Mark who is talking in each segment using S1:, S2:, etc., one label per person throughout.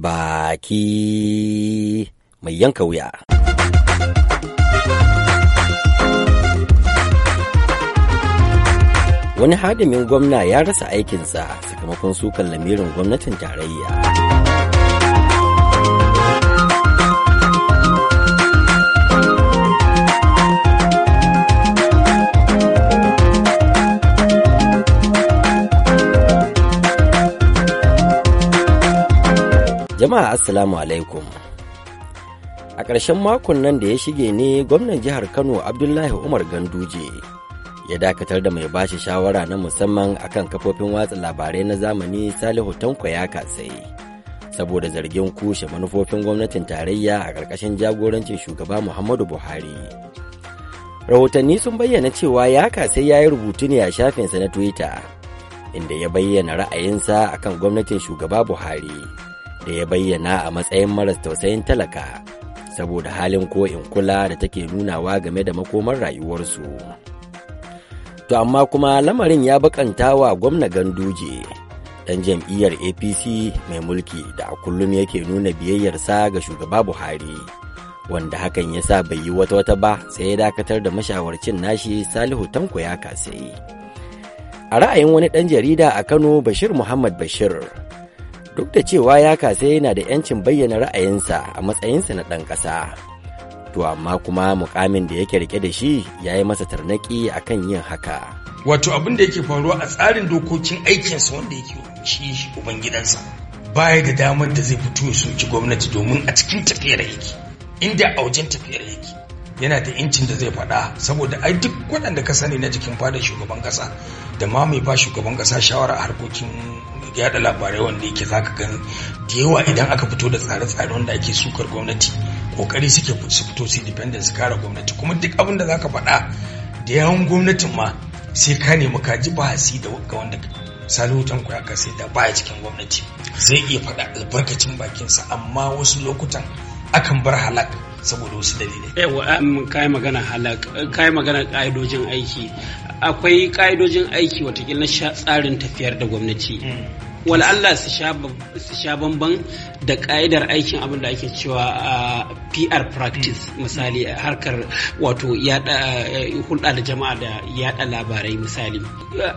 S1: baki mai yanka wuya. Wani hadimin gwamna ya rasa aikinsa sakamakon sukan lamirin gwamnatin tarayya. Jama'a Assalamu alaikum. A ƙarshen makon nan da ya shige ne gwamnan jihar Kano Abdullahi Umar Ganduje ya dakatar da mai bashi shawara na musamman akan kafofin watsa labarai na zamani Salihu Tanko ya katsayi, Saboda zargin kushe manufofin gwamnatin tarayya a ƙarƙashin jagorancin shugaba Muhammadu Buhari. Rahotanni sun bayyana cewa ya kasai ya yi rubutu ne a shafinsa na Twitter, inda ya bayyana ra'ayinsa akan gwamnatin shugaba Buhari. da ya bayyana a matsayin maras tausayin talaka saboda halin ko in kula da take nunawa game da makomar rayuwarsu. To amma kuma lamarin ya bakanta wa gwamna ganduje ɗan jam'iyyar APC mai mulki da a kullum yake nuna biyayyarsa ga shugaba Buhari. Wanda hakan ya sa bai yi wata wata ba sai ya dakatar da mashawarcin nashi Salihu Tanko ya kasai. A ra'ayin wani ɗan jarida a Kano Bashir Muhammad Bashir duk da cewa ya kasa yana da 'yancin bayyana ra'ayinsa a matsayinsa na ɗan ƙasa. To amma kuma mukamin da yake rike da shi ya yi masa tarnaki akan yin haka.
S2: Wato abin da yake faruwa a tsarin dokokin aikinsa wanda yake shi shi ubangidansa baya da damar da zai fito ya soki gwamnati domin a cikin tafiyar yake inda a wajen tafiyar yake yana da incin da zai faɗa saboda ai duk waɗanda ka sani na jikin fadar shugaban ƙasa da ma mai ba shugaban ƙasa shawara a harkokin yada labarai wanda yake zaka gani da yawa idan aka fito da tsare-tsare wanda ake sukar gwamnati kokari suke su fito su dependent su kare gwamnati kuma duk abin da zaka faɗa da yawan gwamnatin ma sai ka nemi ka ji ba bahasi da wanda salihu tanko ya sai da baya cikin gwamnati zai iya faɗa albarkacin bakinsa amma wasu lokutan akan bar halak saboda wasu dalilai.
S3: Yawa um, kai magana halak kai magana ƙa'idojin aiki akwai ƙa'idojin aiki watakila na tsarin tafiyar da gwamnati. Mm. wala Allah su sha bamban da ka'idar aikin abin da ake cewa a PR practice mm. misali harkar wato yada eh, hulɗa da jama'a da yada labarai misali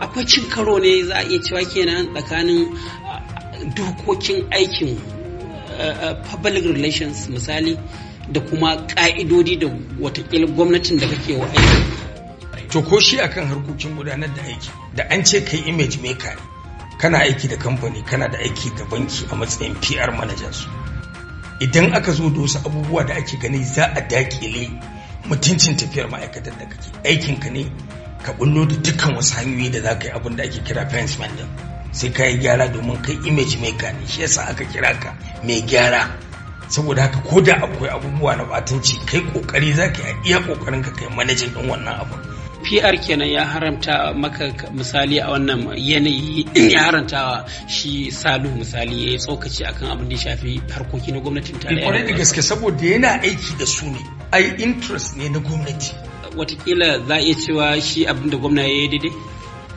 S3: akwai cin karo ne za a iya cewa kenan tsakanin eh, dokokin aikin eh, public relations misali da kuma ka'idodi da watakila gwamnatin da kake wa aiki to ko shi akan harkokin gudanar da aiki da an ce
S2: kai image maker kana aiki da kamfani kana da aiki da banki a matsayin pr managers idan aka zo da wasu abubuwa da ake gani za a dakile mutuncin tafiyar ma'aikatar da kake aikinka ne ka bullo da dukkan wasu hanyoyi da za ka yi abin da ake kira fence din sai ka yi gyara domin kai image mai gane shi yasa aka kira ka mai gyara saboda haka ko da akwai abubuwa na batanci kai kokari za ka iya
S3: kokarin ka kai manajin din wannan abu PR kenan ya haramta maka misali a wannan yanayi mm. ya haramta shi salu misali ya yi tsokaci akan abin da ya shafi harkoki na gwamnatin eh, tarayya. Kwarai da gaske
S2: saboda yana aiki da su ne, ai
S3: interest ne na gwamnati. Watakila za a iya cewa shi abin da gwamna ya yi daidai?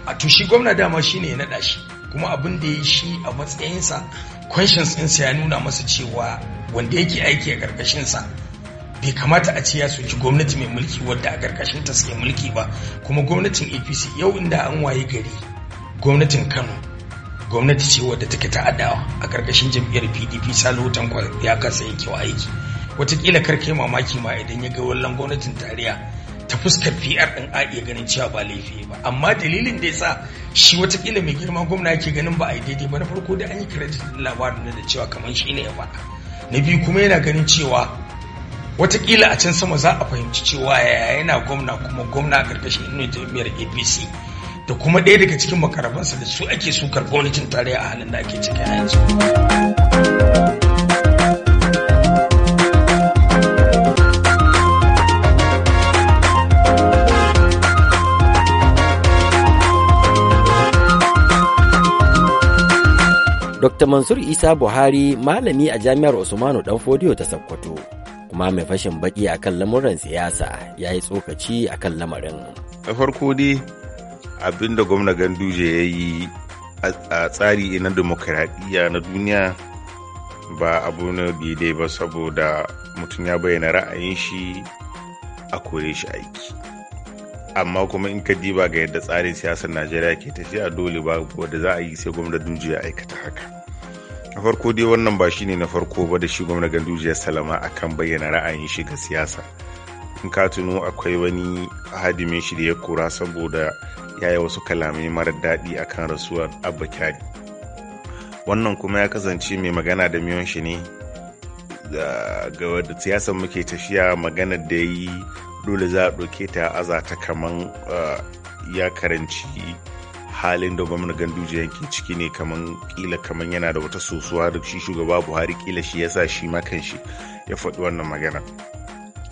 S3: A to shi gwamna
S2: dama shi ne ya naɗa shi, kuma abin da ya shi a matsayinsa, conscience ɗinsa ya nuna masa cewa wanda yake aiki a ƙarƙashinsa bai kamata a ce ya soki gwamnati mai mulki wadda a karkashin ta suke mulki ba kuma gwamnatin apc yau inda an waye gari gwamnatin kano gwamnati ce wadda take ta'adawa a karkashin jam'iyyar pdp salo tankwa ya kasa yake wa aiki watakila karkai mamaki ma idan ya ga wallon gwamnatin tarayya ta fuskar PR din a iya ganin cewa ba laifi ba amma dalilin da ya sa shi watakila mai girma gwamna yake ganin ba a yi daidai ba na farko da an yi kredit labarin da cewa kamar shi ne ya faɗa na biyu kuma yana ganin cewa watakila a can sama za a fahimci cewa yaya yana gwamna kuma gwamna a karkashin inu jami'ar apc da kuma ɗaya daga cikin makarabansa da su ake sukar gwamnatin tarayya a halin da ake ciki a yanzu.
S1: Dr. Mansur Isa Buhari malami a Jami'ar Usmanu Danfodiyo ta Sokoto. kuma mai fashin baki akan lamuran siyasa ya yi tsokaci akan lamarin.
S4: A farko dai abinda gwamna ganduje ya yi a tsari na demokaradiyya na duniya ba abu na daidai ba saboda mutum ya bayyana ra'ayin shi a kore shi aiki amma kuma in ka diba ga yadda tsarin siyasar najeriya ke tafiya dole ba wadda za a yi sai gwamnati duje ya aikata haka na farko dai wannan ba shine na farko ba da shi gwamna ganduje salama akan bayyana ra'ayin shiga siyasa in ka tuno akwai wani hadimin shi da ya kura saboda ya yi wasu kalamai mara daɗi akan rasuwar abba kyari wannan kuma ya kasance mai magana da miyan shi ne ga wadda siyasar muke tafiya maganar da ya yi dole za a ɗauke ta azata ta kaman ah, ya karanci halin da gwamna ganduje yake ciki ne kaman kila kaman yana da wata sosuwa da shi shugaba buhari kila shi yasa shi makan shi ya faɗi wannan magana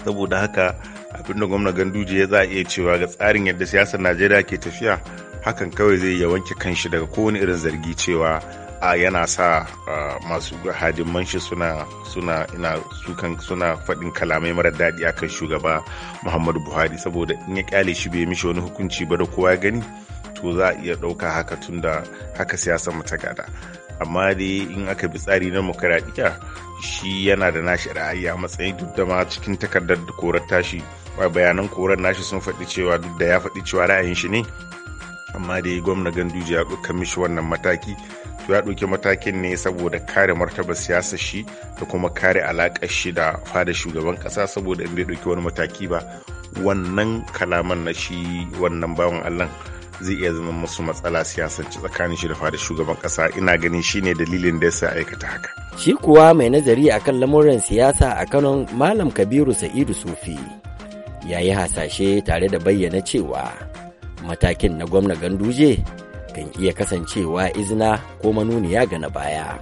S4: saboda haka abinda gwamnati ganduje ya za iya cewa ga tsarin yadda siyasar najeriya ke tafiya hakan kawai zai ya wanke kanshi daga kowane irin zargi cewa a yana sa masu hadimman shi suna suna ina sukan suna faɗin kalamai mara daɗi akan shugaba muhammadu buhari saboda in ya kyale shi bai mishi wani hukunci ba da kowa ya gani ko za a iya ɗauka haka tunda haka siyasa mu gada amma dai in aka bi tsari na mukaradiya shi yana da nashi ra'ayi a matsayin duk da ma cikin takardar da korar tashi bayanan korar nashi sun faɗi cewa duk da ya faɗi cewa ra'ayin shi ne amma dai gwamna ganduje ya ɗauka mishi wannan mataki to ya ɗauki matakin ne saboda kare martaba siyasar shi da kuma kare alaƙar shi da fada shugaban ƙasa saboda in bai ɗauki wani mataki ba wannan kalaman na shi wannan bawan allah zai iya zama musu matsala siyasance tsakanin shi da fada shugaban kasa ina ganin shine dalilin da yasa aikata haka
S1: shi kuwa mai nazari akan lamuran siyasa a Kano Malam Kabiru Sa'idu Sufi ya yi hasashe tare da bayyana cewa matakin na gwamna Ganduje kan iya kasancewa izina ko manuniya ga na baya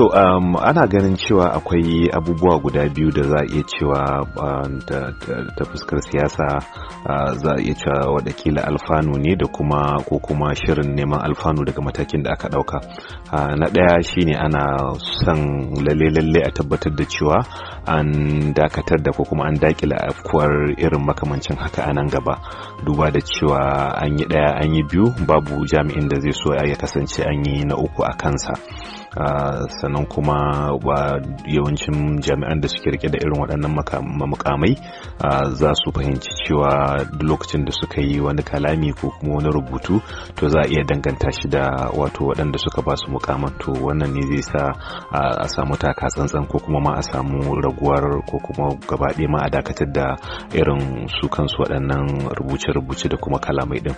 S5: To um, ana ganin cewa akwai abubuwa guda biyu da za a iya cewa um, ta fuskar siyasa uh, za a iya cewa watakila alfanu ne da kuma ko kuma shirin neman alfanu daga matakin da aka dauka. Uh, na ɗaya shine ana son lalle-lalle a tabbatar da cewa an dakatar da ko kuma an dakila afkuwar irin makamancin haka a nan gaba. Duba da cewa an yi ɗaya an yi biyu babu jami'in da zai so ya kasance an yi na uku a kansa. sannan kuma ba yawancin jami'an da suke rike da irin waɗannan mukamai za su fahimci cewa lokacin da suka yi wani kalami ko kuma wani rubutu to za a iya danganta shi da wato waɗanda suka ba su mukaman to wannan ne zai sa a samu taka tsantsan ko kuma ma a samu raguwar ko kuma gabaɗe ma a dakatar da irin su kansu waɗannan rubuce-rubuce da kuma kalamai ɗin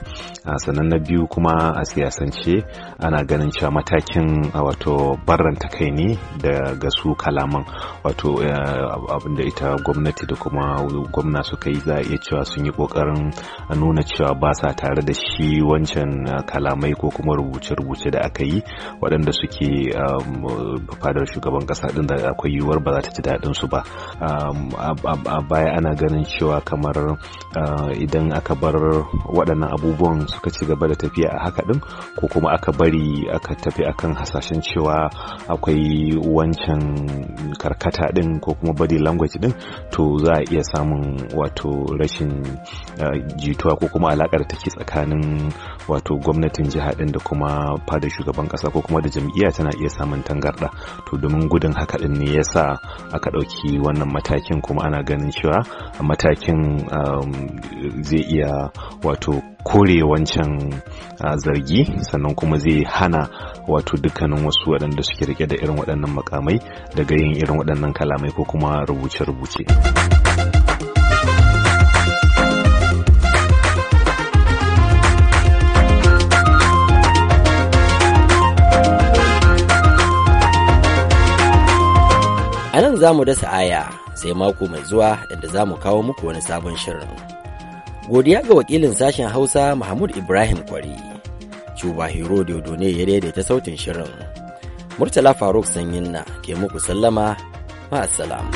S5: sannan na biyu kuma a siyasance ana ganin cewa matakin wato barranta kai ne daga su kalaman wato eh, abinda ita gwamnati da kuma gwamna suka yi za a iya cewa sun yi kokarin nuna cewa ba sa tare da shi wancan kalamai ko kuma rubuce-rubuce da aka yi waɗanda suke um, fadar shugaban ƙasa ɗin da akwai yiwuwar ba za ta ci daɗin su ba um, a baya ana ganin cewa kamar uh, idan aka bar waɗannan abubuwan suka ci gaba da tafiya a haka ɗin ko kuma aka bari aka tafi akan hasashen cewa cewa akwai wancan karkata din ko kuma body language din to za a iya samun wato rashin eh, jituwa ko kuma alakar take tsakanin wato gwamnatin jiha din da kuma fada shugaban kasa ko kuma da jam'iyya tana iya samun tangarda to domin gudun haka din ne yasa aka ɗauki wannan matakin kuma ana ganin cewa matakin eh, zai iya wato kore wancan zargi sannan kuma zai hana wato dukkanin wasu waɗanda suke rike da irin waɗannan makamai daga yin irin waɗannan kalamai ko kuma rubuce-rubuce.
S1: A nan za mu dasa aya sai mako mai zuwa inda za mu kawo muku wani sabon shirin. godiya ga wakilin sashen hausa mahmud ibrahim kwari cuba hero dodo ne ya daidaita sautin shirin murtala faruk sanyin na ke muku sallama ma'asalam.